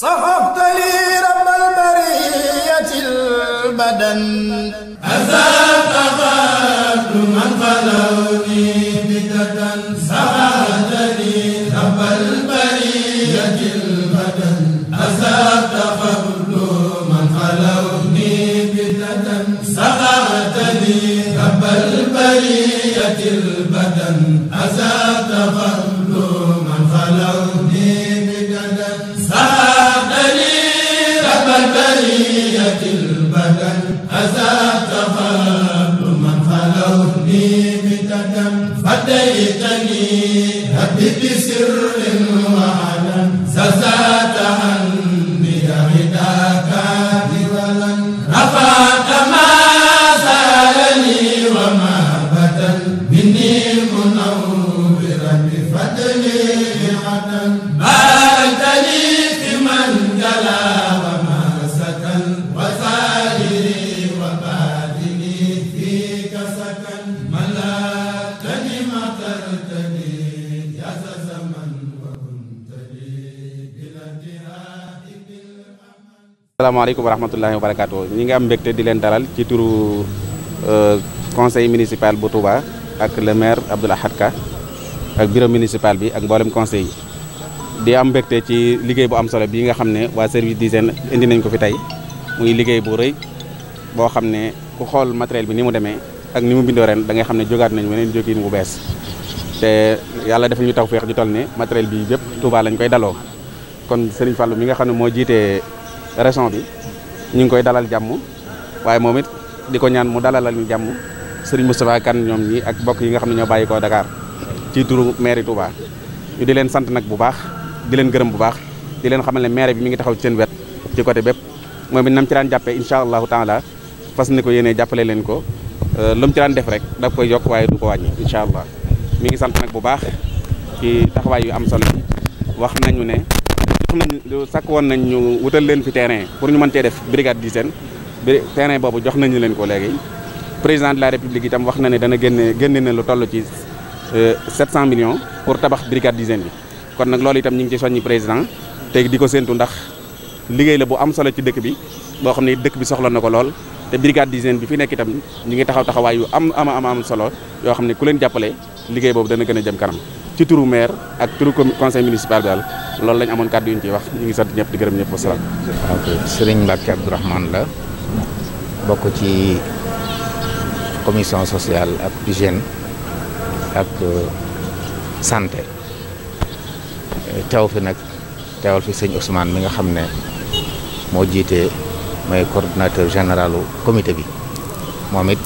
صفقت لي رب البرية البدن أزال أغاد من خلوني بددا صفقت لي رب البرية البدن أزال أغاد من خلوني بددا صفقت لي رب البرية البدن salaamaaleykum wa rahmatullahi wa barakaatu ñi ngi am mbégte di leen dalal ci turu euh, conseil municipal bu Touba ak le maire Abdoul Ahad Ka ak bureau municipal bi ak mboolem conseil yi di am mbégte ci liggéey bu am solo bii nga xam ne waa service d'hygiène indi nañ ko fi tey muy liggéey bu rëy boo xam ne ku xool matériel bi ni mu demee ak ni mu bindoo ren da ngay xam ne jogaat nañ weneen jógiin bu bees te yàlla dafa ñu taw feex ju toll ne matériel bi yëpp Touba lañ koy daloo région bi ñu ngi koy dalal jàmm waaye moom it di ko ñaan mu dalalal ñu jàmm Serigne Moustapha Kane ñoom ñi ak bokk yi nga xam ne ñoo bàyyi koo Dakar ci turu mairie Touba ñu di leen sant nag bu baax di leen gërëm bu baax di leen xamal ne maire bi mu ngi taxaw ci seen wet ci côté bépp moom it nam ci daan jàppee incha allahu taala fas ni ko yéenee jàppale leen ko euh, lu mu ci daan def rek daf koy yokk waaye du ko wàññi incha allah mi ngi sant nag bu baax ci taxawaay yu am solo wax nañ sàkk woon nañ ñu wutal leen fi terrain pour ñu mën cee def brigade dizaine terrain boobu jox nañu leen ko léegi président de la république itam wax na ne dana génne génne na lu toll ci 700 euh, millions pour tabax brigade dizaine bi kon nag loolu itam ñu ngi ci soññi président te di ko séentu ndax liggéey la bu am solo ci dëkk bi boo xam ne dëkk bi soxla na ko lool te brigade dizaine bi fi nekk itam ñu ngi taxaw taxawaay yu am ama am am solo yoo xam ne ku leen jàppale liggéey boobu dana gën a jëm kanam ci turu maire ak turu conseil municipal daal loolu lañ amoon kàddu yu ñu ciy wax ñu ngi sant ñëpp di gërëm ñëpp wa salaam. ok Serigne Mbacke Abdourahmane la bokk ci commission sociale ak hygiène ak euh, santé euh, teew fi nag teewal fi sëñ Ousmane mi nga xam ne moo jiitee mooy coordonnateur généralu comité bi moom it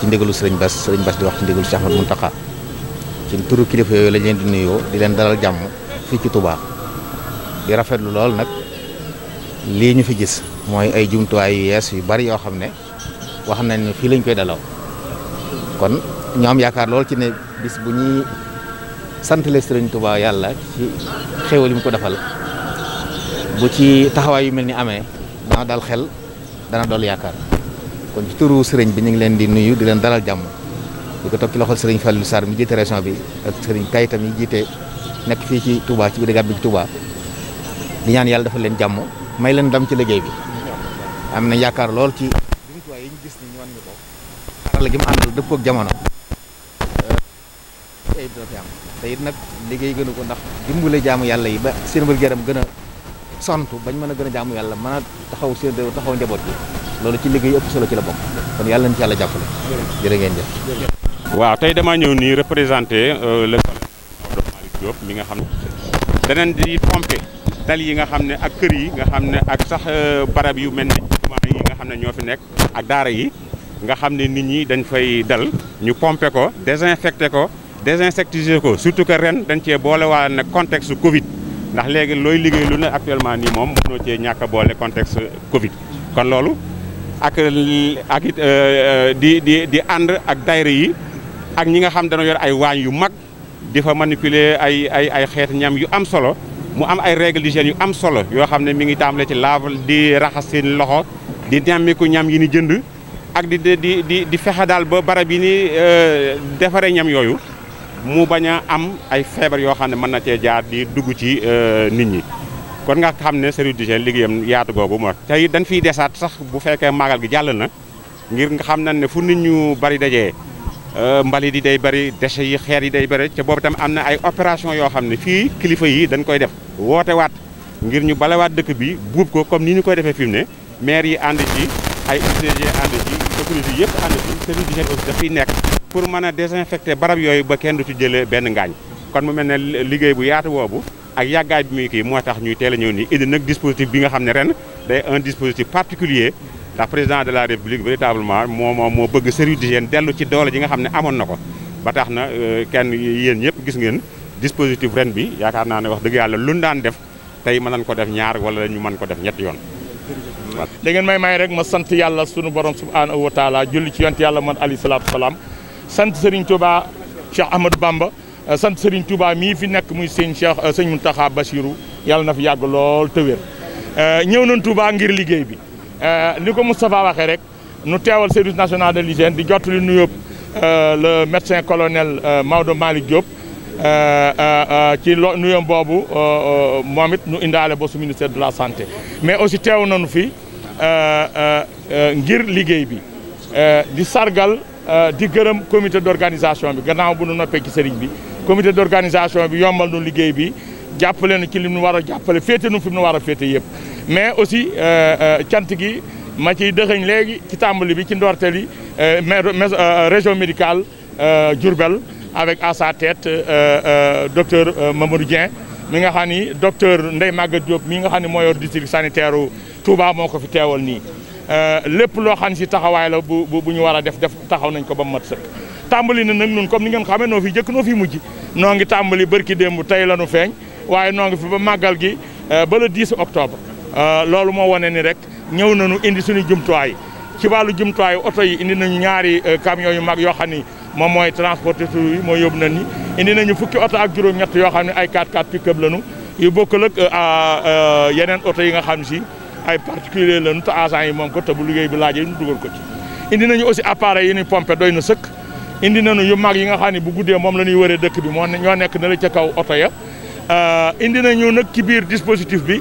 ci ndigalu Serigne Bass Serigne Bass di wax ci ndigalu Cheikh Ahmadou Mountakha ci turu kilifa yooyu lañ leen di nuyoo di leen dalal jàmm fii ci Touba di rafetlu lool nag lii ñu fi gis mooy ay jumtuwaay yu yees yu bari yoo xam ne wax nañ ne fii lañ koy dalaw kon ñoom yaakaar lool ci ne bis bu ñuy sant leen Sëriñ tubaa yàlla ci xéewal yi mu ko defal bu ci taxawaay yu mel ni amee dana dal xel dana dool yaakaar kon ci turu sëriñ bi ñu ngi leen di nuyu di leen dalal jàmm. di ko topp ci loxol Serigne Fallou Sarr mi jiite région bi ak Serigne Kay itam yi jiite nekk fii ci Touba ci brigade bi ci Touba di ñaan yàlla dafa leen jàmm may leen dam ci liggéey bi am na yaakaar lool ci jumtuwaay yi gis ñu wan ko xarala gi mu jamono ayib doo fi te it nag liggéey gënu ko ndax dimbale jaamu yàlla yi ba seen wér-gu-yaram gën a santu bañ mën a gën a jaamu yàlla mën a taxaw seen taxaw njaboot bi loolu ci liggéey ëpp solo ci la bokk kon yàlla na ci yàlla jàppale jërë ngeen jëf waaw tey damaa ñëw nii représenté euh, le collège Maodo Malick mi nga xam ne deneen di pompé dal yi nga xam ne ak kër yi nga xam ne ak sax euh, barab yu mel ne jumaa nga xam ne ñoo fi nekk ak daara yi nga xam ne nit ñi dañ fay dal ñu pompé ko désinfecté ko désinsectiser ko surtout que ren dañ cee boole waa nag contexte Covid ndax léegi looy liggéey lu ne actuellement nii moom mënoo cee ñàkk boole contexte Covid kon loolu ak ak it euh, di di di ànd ak daayira yi. ak ñi nga xam dana yor ay waañ yu mag di fa manipuler ay ay ay xeet ñam yu am solo mu am ay règles d'hygiène yu am solo yoo xam ne mi ngi tàmbale ci laabal di raxas seen loxo di nemmiku ñam yi ni jënd ak di di di di fexe daal ba barab yi ni euh, defaree ñam yooyu mu bañ a am ay feebar yoo xam ne mën na cee jaar di dugg ci euh, nit ñi kon nga xam ne service d'hygiène liggéeyam yaatu googu moo tey dañ fiy desaat sax bu fekkee maagal gi jàll na ngir nga xam na ne fu nit ñu bari dajee Euh, mbalit yi day bëri déchets yi xeer yi day bëri te boobu tam am na ay opération yoo xam ne fii kilifa yi dañ koy def woote waat ngir ñu balewaat dëkk bi buub ko comme ni ñu koy defee fi ne maire yi ànd ci ay UCG ànd ci autorités yëpp ànd ci service d'hygiène aussi daf fiy nekk pour mën a désinfecter barab yooyu ba kenn du ci jëlee benn ngaañ kon mu mel ne liggéey bu yaatu boobu ak yàggaay bi muy kii moo tax ñuy teel a ñëw nii indi nag dispositif bi nga xam ne ren day un dispositif particulier ndax président de la république véritablement moo moo moo bëgg service d'hygiène dellu ci doole ji nga xam ne amoon na ko ba tax na euh, kenn yéen ñëpp gis ngeen dispositif ren bi yaakaar naa ne wax dëgg yàlla lu daan def tey mën nañ ko def ñaar wala ñu mën ko def ñetti yoon dangeen ngeen may may rek ma sant yàlla sunu borom subhanahu wa taala julli ci yonent yàlla man alayhi salaatu salaam sant Serigne Touba Cheikh Ahmadou Bamba euh, sant Serigne Touba mii fi nekk muy sëñ Cheikh euh, sëñ Mountakha Bassirou yàlla na fi yàgg lool te ñëw nañ Touba ngir liggéey bi Euh, ni ko Moustapha waxee rek nu teewal service national de l'hygiène di jottali nuyoo euh, le médecin colonel euh, Maodo Malick Diop ci lo nuyoom boobu moom it nu indaale ba su ministère de la santé mais aussi teew nañu fi ngir liggéey bi di sargal di gërëm comité d'organisation bi gannaaw bu nu noppee ci sëriñ bi comité d'organisation bi yombal nu liggéey bi jàppale na ci li mu war a jàppale féete nu fi nu war a féete yëpp mais aussi euh, euh, cant gi ma ciy dëxëñ léegi ci tàmbali bi ci ndorteel yi euh, région médicale Diourbel avec à sa tête docteur Mamadou Dieng mi nga xam ni docteur ndey Maguette Diop mi nga xam ni moo yor district sanitaire Touba moo ko fi teewal nii lépp loo xam si taxawaay la bu bu ñu war a def def taxaw nañ ko ba mat sëkk tàmbali na nag ñun comme ni ngeen xamee noo fi jëkk noo fi mujj noo ngi tàmbali barki démb tey lanu feeñ waaye noo fi ba gi euh, ba le 10 octobre euh, loolu moo wane ni rek ñëw nañu indi suñu jumtuwaay ci wàllu jumtuwaayu oto yi indi nañu ñaari euh, camions yu mag yoo xam ni moom mooy transporteur yi mooy yóbbu na ni indi nañu fukki oto ak juróom-ñett yoo xam ne ay 4x4 pick-up lañu yu bokkul ak yeneen oto yi nga xam si ay particulier la te agent yi moom ko te bu liggéey bi laajee ñu dugal ko ci. indi nañu aussi appareil yi ñuy pompe doy na sëkk indi nañu yu mag yi nga xam ne bu guddee moom la ñuy wëree dëkk bi moo ñoo nekk na la kaw oto ya. Euh, indi nañu nag ci biir dispositif bi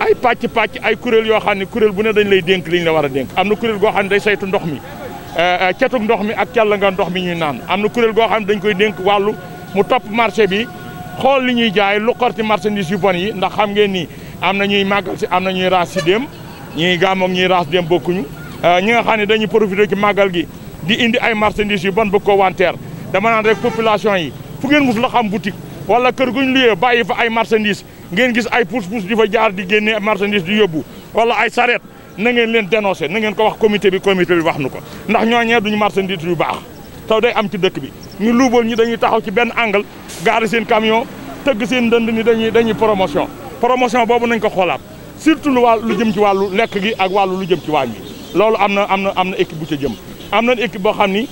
ay pàcc pàcc ay kuréel yoo xam ne kuréel bu ne dañu lay dénk liñ la war a dénk am na kuréel goo xam ne day saytu ndox mi euh, euh, cetug ndox mi ak càll nga ndox mi ñuy naan am na kuréel goo xam ne dañ koy dénk wàllu mu topp marché bi xool li ñuy jaay lu xorti marchandise yi ndax xam ngeen ni am na ñuy màggal si am na ñuy raas si déem ñuy gàmm ak ñuy raas dem bokkuñu ñu nga xam ne dañuy profité ci màggal gi di indi ay marchandise yu bon bëgg ko wanteer dama naan rek population yi fu ngeen mus la xam boutique wala kër guñ luyee bàyyi fa ay marchandise ngeen gis ay pousse-pousse di fa jaar di génne marchandise di yóbbu wala ay sareet na ngeen leen dénoncé na ngeen ko wax comité bi komite bi wax nu ko ndax ñooñee duñu marchandise yu baax taw day am ci dëkk bi ñu luubal ñi dañuy taxaw ci benn angle gaari seen camion tëgg seen ndënd ni dañuy dañuy promotion promotion boobu nañ ko xoolaat surtout lu wàll lu jëm ci wàllu lekk gi ak wàllu lu jëm ci waañ bi loolu am na am na am na équipe bu ca jëm am na équipe boo xam ni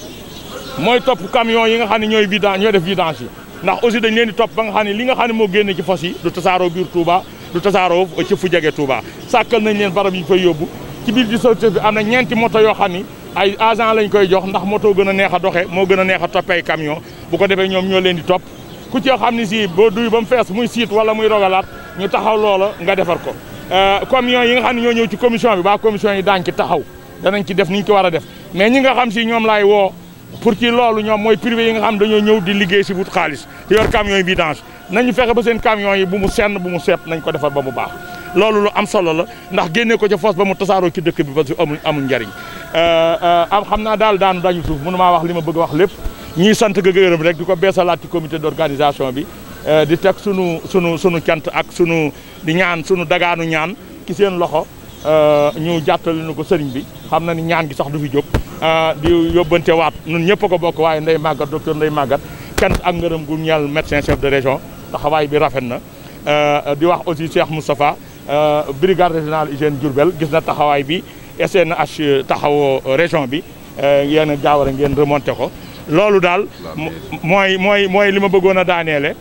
mooy topp camion yi nga xam ne ñooy vidange ñooy def vidange ndax aussi dañ leen di topp ba nga xam ne li nga xam ne moo génne ci fos yi du tasaaroo biir Touba du tasaaroo ci fu jege Touba sàkkal nañ leen barab yi ñu koy yóbbu ci biir di société bi am na ñeenti moto yoo xam ay agent lañ koy jox ndax moto gën a neex a doxe moo gën a neex a toppee camion bu ko defee ñoom ñoo leen di topp ku ci xam ni si boo duy ba mu fees muy siit wala muy rogalaat ñu taxaw loola nga defar ko euh, camion yi nga xam ne ñoo ñëw ci commission bi ba commission yi daañ ci taxaw danañ ci def niñ ko a def laay woo pour ci loolu ñoom mooy privé yi nga xam dañoo ñëw di liggéey si wut xaalis yor camions yi vidange nañu fexe ba seen camions yi bu mu senn bu mu seet nañ ko defar ba mu baax loolu lu am solo la ndax génne ko ca foos ba mu tasaaroo ci dëkk bi parce que amul amul njariñ euh, euh, am xam naa daal daanu dañu suuf mënu maa wax li ma bëgg wax lépp ñiy sant ga gërëm rek di ko beesalaat ci comité d'organisation bi euh, di teg sunu sunu sunu cant ak sunu di ñaan sunu dagaanu ñaan ci seen loxo Euh, ñu jàttali nu ko sëriñ bi xam na ni ñaan gi sax du fi jóg euh, di yóbbante waat nun ñëpp ko bokk waaye ndey màggat docteur ndey màggat kent ak ngërëm gu ñeel médecin chef de région taxawaay bi rafet na euh, di wax aussi Cheikh Moustapha brigade régionale hygiène Diourbel gis na taxawaay bi SNH taxawoo région bi yéen a gaawar a ngeen remonté ko loolu daal mooy mooy mooy li ma bëggoon a daaneele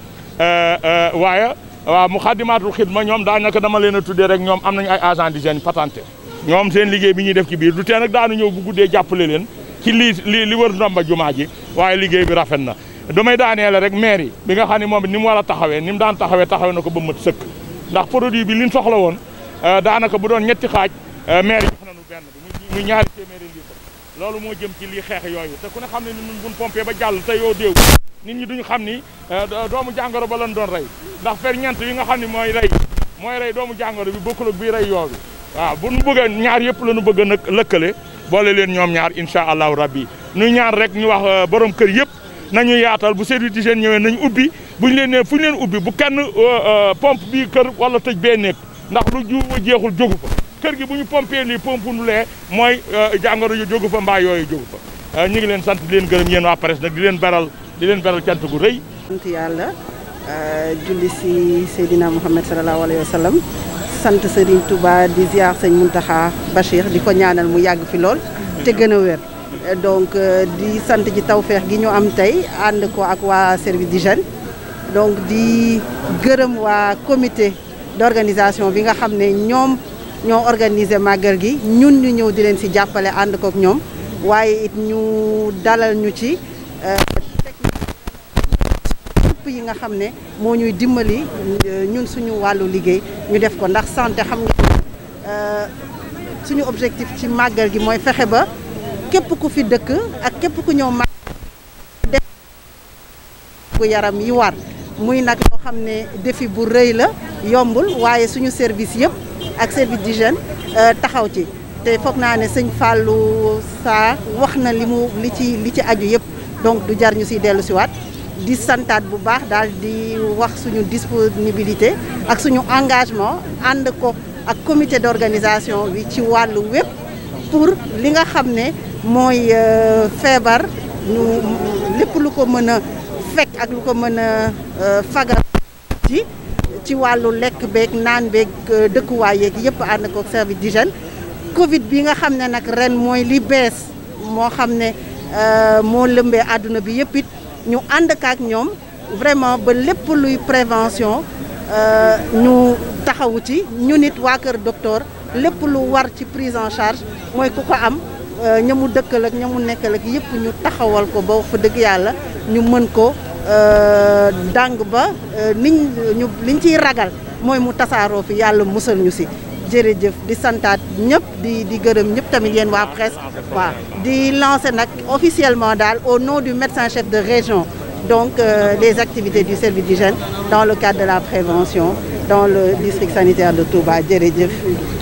waaye waaw mu xaddimaatul xidma ñoom daanaka dama leen a tuddee rek ñoom am nañu ay agent d'hygiène patenté ñoom seen liggéey bi ñuy def ci biir du tee nag daanu ñëw bu guddee jàppale leen ci lii li li wër ndomba jumaa ji waaye liggéey bi rafet na damay daanee la rek maire yi bi nga xam ne moom ni mu war a taxawee ni mu daan taxawe taxawee na ko ba mat sëkk ndax produit bi li ñu soxla woon euh, daanaka bu doon ñetti xaaj euh, maire yi jox nañu benn bi muy ñaari loolu moo jëm ci lii xeex yooyu te ku ne nit ñi duñu xam ni euh, doomu jàngoro ba lan doon rey ndax ferñeent yi nga xam ni mooy rey mooy rey doomu jàngoro bi bokkul ak bii rey yoo bi waaw bu nu bëgg ñaar yëpp la ñu bëgg nag lëkkale boole leen ñoom ñaar incha allahu rabbi ñu ñaar rek ñu wax euh, borom kër yëpp nañu yaatal bu di d'hygiène ñëwee nañu ubbi buñ leen nee fu ñu leen ubbi bu kenn euh, pompe bi kër wala tëj bee nekk ndax lu ju jeexul jógu fa kër gi bu ñu pompee lii pompe nu lee mooy jàngoro yu jógu fa mbaa yooyu jógu fa ñu ngi leen sant leen gërëm yéen waa presse nag di leen baral di leen beral cant gu rëy. sant yàlla euh, julli si Seydina Mouhamed sallallahu alayhi wa sallam sant Serigne Touba di ziar sëñ Mountakha Bachir di ko ñaanal mu yàgg fi lool. te gën a wér. donc euh, di sant ci tawféex gi ñu am tey ànd ko ak waa service d'hygiène donc di gërëm waa comité d'organisation bi nga xam ne ñoom ñoo organisé màggal gi ñun ñu ñëw di leen si jàppale ànd ak ñoom waaye it ñu dalal ñu ci. Euh, yi nga xam ne moo ñuy dimbali euh, ñun suñu wàllu liggéey ñu def ko ndax santé xam nga euh, suñu objectif ci màggal gi mooy fexe ba képp ku fi dëkk ak képp ku ñëw màggal gu yaram yi war muy nag loo xam ne defi bu rëy la yombul waaye suñu service yëpp ak service d'hygiène euh, taxaw ci te foog naa ne sëñ fàllu Sarr wax na li mu li ci li ci aju yëpp donc du jar ñu siy dellu siwaat di santaat bu baax daal di wax suñu disponibilité ak suñu engagement ànd ko ak comité d'organisation bi ci wàllu wépp pour li nga xam ne mooy euh, feebar ñu lépp lu ko mën a fekk ak lu ko mën a euh, fagal ci wàllu lekk beeg naan beeg euh, dëkkuwaay yeeg yëpp ànd ko service d'hygiène Covid bi nga xam ne nag ren mooy li bees moo xam ne moo lëmbee àdduna bi yëpp it ñu ànd kaak ñoom vraiment ba lépp luy prévention euh, ñu taxawu ci ñu nit waa kër docteur lépp lu war ci prise en charge mooy ku ko am euh, ñamu mu dëkkal ak ña mu nekkal ak yëpp ñu taxawal ko ba fa dëgg yàlla ñu mën ko euh, dàng ba niñ ñu liñ ciy ragal mooy mu tasaaroo fi yàlla musal ñu si jërëjëf di santaat ñëpp di di gërëm ñëpp tamit yéen waa waaw di lancer nag officiellement daal au nom du médecin chef de région donc les euh, activités du service d'hygiène dans le cadre de la prévention dans le district sanitaire de Touba jërëjëf